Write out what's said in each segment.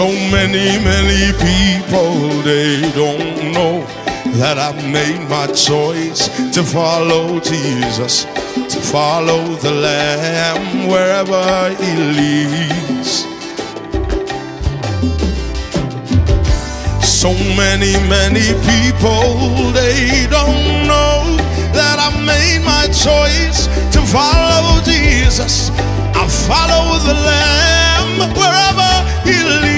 So many, many people, they don't know that I made my choice to follow Jesus, to follow the Lamb wherever He leads. So many, many people, they don't know that I made my choice to follow Jesus. I follow the Lamb wherever He leads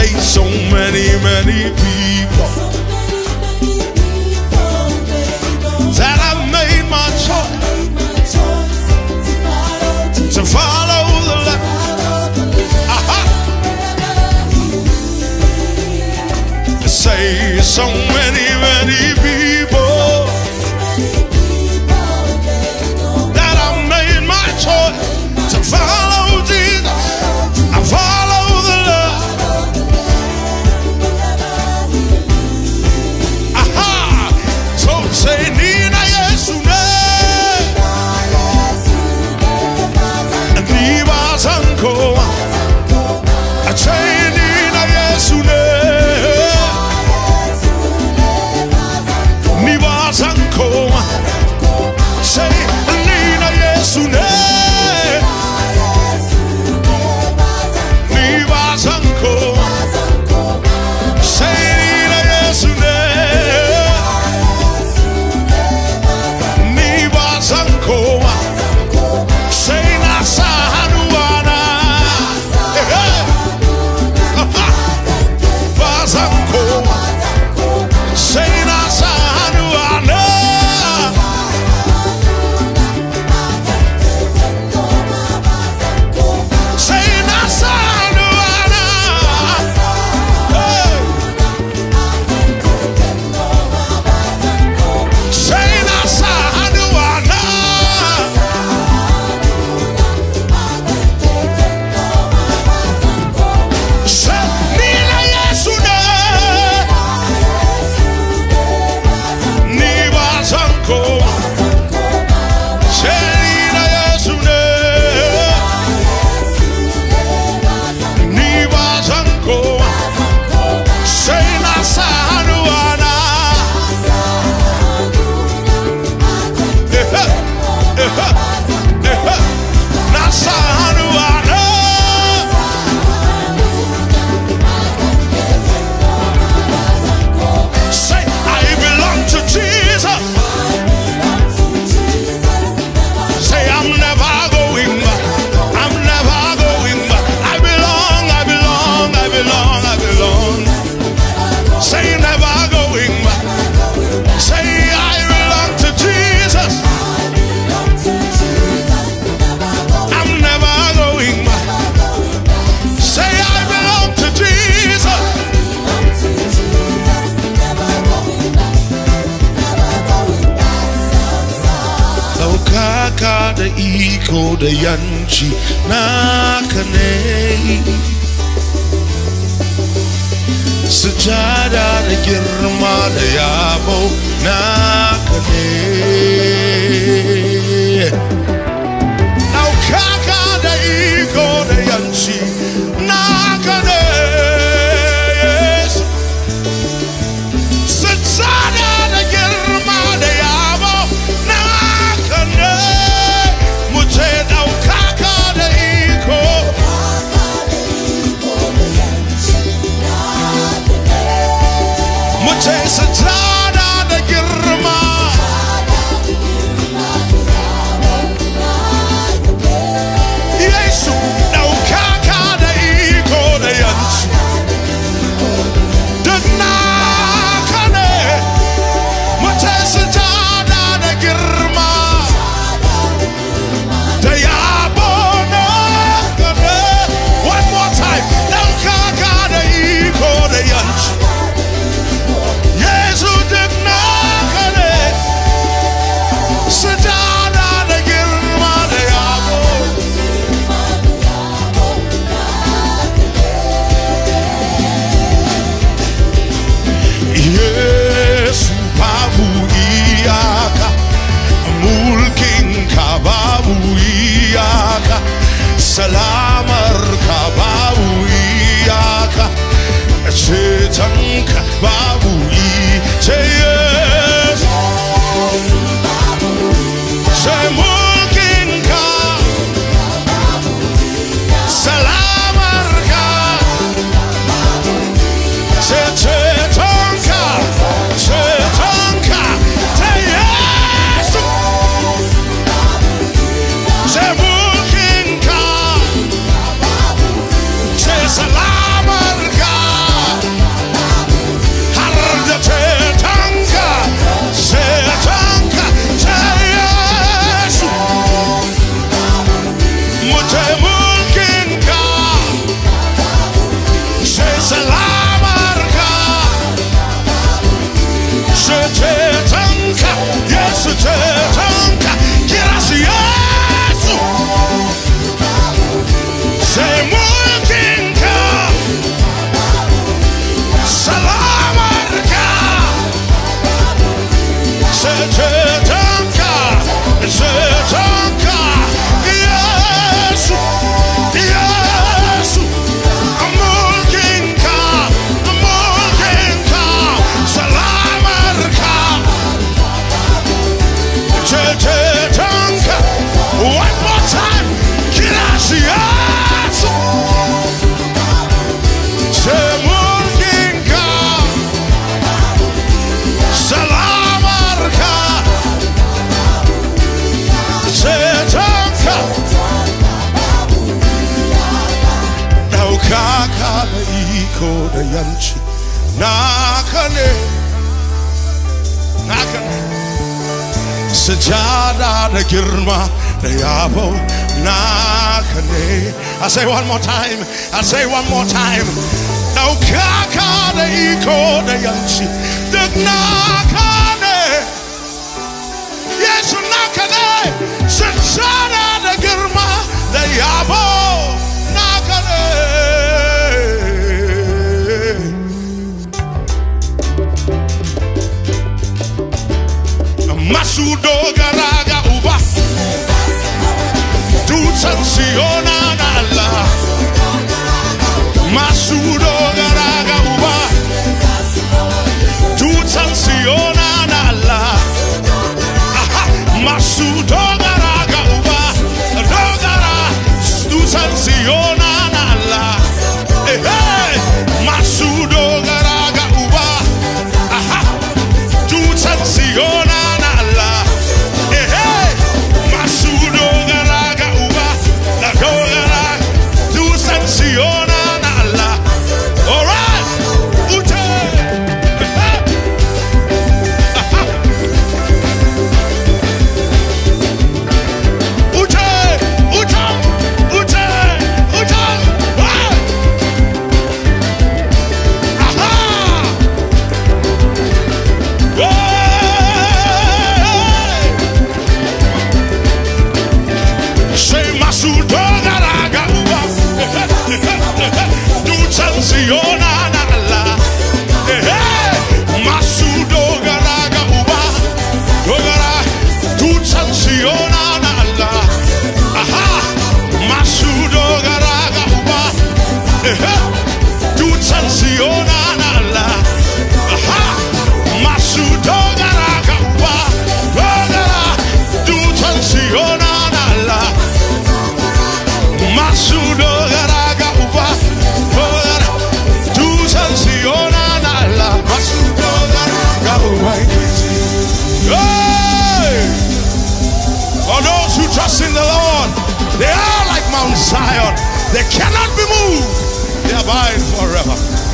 say so many, many people. So many, that I made my choice, to follow. say so many da iko da yanci naka ne sujada da girma da yabo koda yanchi nakane nakane sajada da girma da yabo nakane I say one more time I say one more time daukaka da iko da yanchi duk nakane yesu nakane sajada da girma da yabo sudogaraga ubas tu sanciona nala masud Senhor. Zion. They cannot be moved. They abide forever.